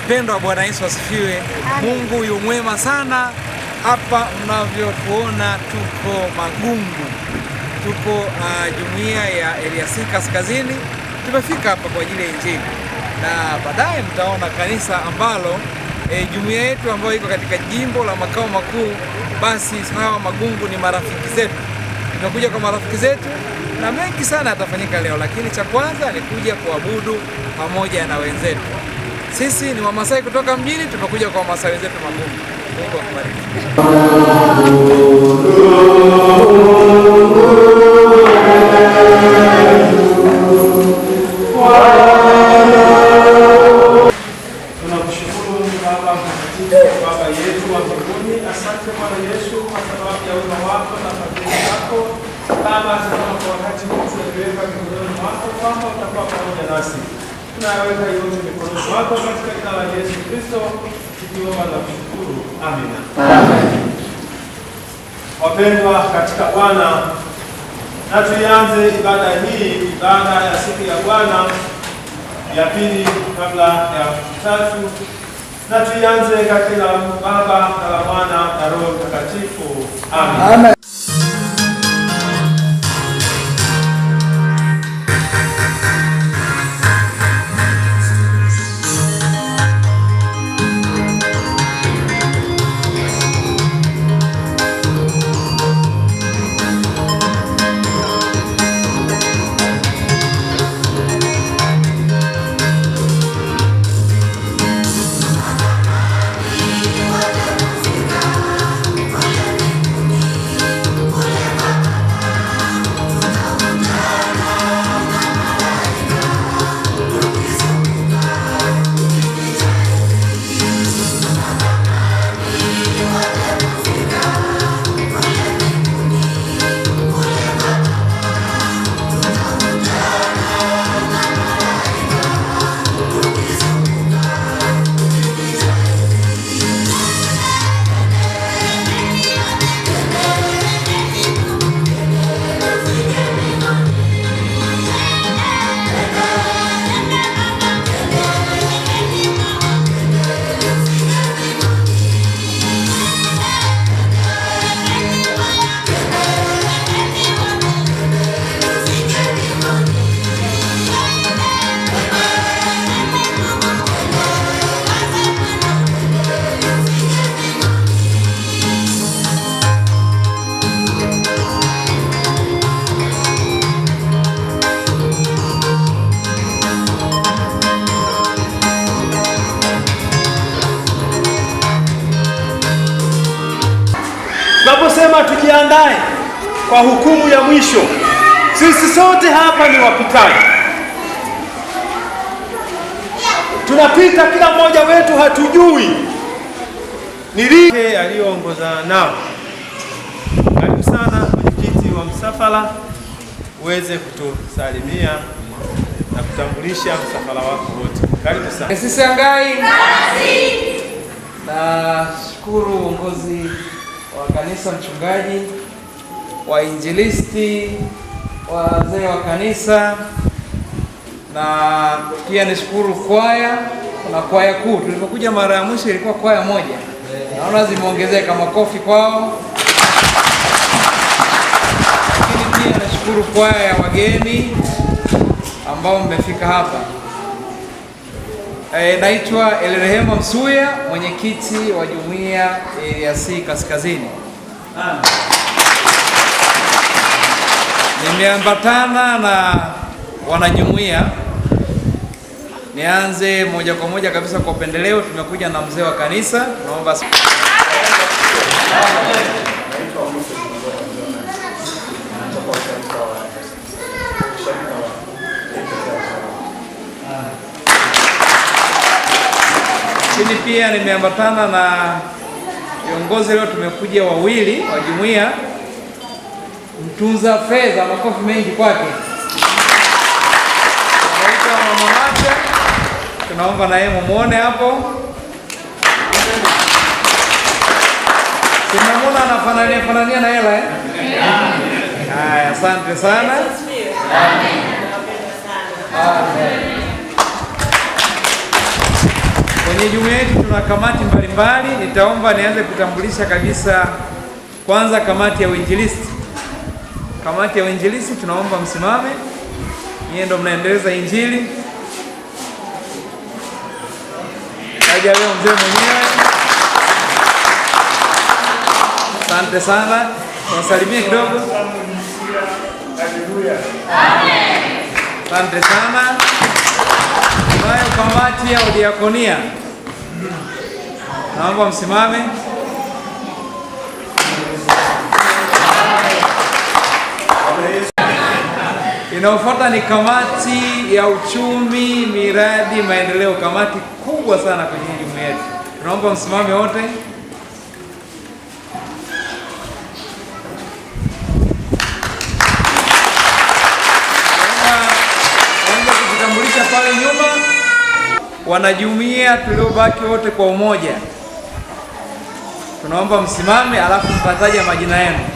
Wapendwa, Bwana Yesu asifiwe. Mungu yu mwema sana. Hapa mnavyotuona tuko Magungu, tuko uh, jumuiya ya Eliasi Kaskazini. Tumefika hapa kwa ajili ya Injili na baadaye mtaona kanisa ambalo e, jumuiya yetu ambayo iko katika jimbo la makao makuu. Basi hawa Magungu ni marafiki zetu, tumekuja kwa marafiki zetu na mengi sana yatafanyika leo, lakini cha kwanza ni kuja kuabudu pamoja na wenzetu. Sisi ni Wamasai kutoka mjini, tumekuja kwa Wamasai wenzetu Magumu. Mungu akubariki. sadaka yote imekonoshwa hapa katika jina la Yesu Kristo, tukiomba na kushukuru. Amina. Wapendwa katika Bwana, na tuianze ibada hii, ibada ya siku ya Bwana ya pili kabla ya tatu, na tuianze katika Baba na la Mwana na Roho Mtakatifu. Amen. tujiandae kwa hukumu ya mwisho. Sisi sote hapa ni wapitaji, tunapita, kila mmoja wetu hatujui ni lini. Aliyoongoza nao, karibu sana mwenyekiti wa msafara, uweze kutusalimia na kutambulisha msafara wako wote. Karibu sana. Sisi Na nashukuru uongozi wa kanisa, mchungaji, wainjilisti, wazee wa kanisa, na pia nishukuru kwaya. Kuna kwaya kuu, tulipokuja mara ya mwisho ilikuwa kwaya moja, naona zimeongezeka. Makofi kwao. Lakini pia nashukuru kwaya ya wageni ambao mmefika hapa. E, naitwa Elrehema Msuya, mwenyekiti wa jumuiya eh, ya C Kaskazini. Nimeambatana na wanajumuiya. Nianze moja kwa moja kabisa kwa upendeleo, tumekuja na mzee wa kanisa, naomba Lakini pia nimeambatana na viongozi leo, tumekuja wawili wa jumuiya, mtunza fedha, makofi mengi kwake, anaitwa Mama Macha, tunaomba na yeye hapo, tunamuona anafanania fanania na hela eh? Haya, asante sana. Amen. Amen. Kwenye jumuiya yetu tuna kamati mbalimbali. Nitaomba nianze kutambulisha kabisa, kwanza kamati ya uinjilisti. Kamati ya uinjilisti tunaomba msimame, nyie ndo mnaendeleza injili. Kaja leo mzee mwenyewe, asante sana. Tunasalimia kidogo. Asante sana. Tunayo kamati ya udiakonia. Naomba msimame. Inayofuata ni kamati ya uchumi, miradi, maendeleo, kamati kubwa sana kwenye jumuiya yetu. Tunaomba msimame wote. wanajumuia tuliobaki wote kwa umoja, tunaomba msimame, alafu mtataja majina yenu.